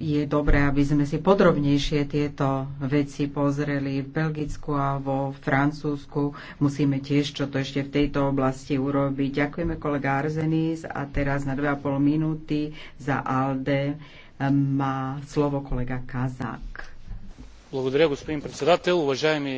je dobré, aby sme si podrobnejšie tieto veci pozreli v Belgicku a vo Francúzsku. Musíme tiež čo to ešte v tejto oblasti urobiť. Ďakujeme kolega Arzenis a teraz na 2,5 minúty za ALDE eh, má slovo kolega Kazák. Благодаря, господин председател. Уважаеми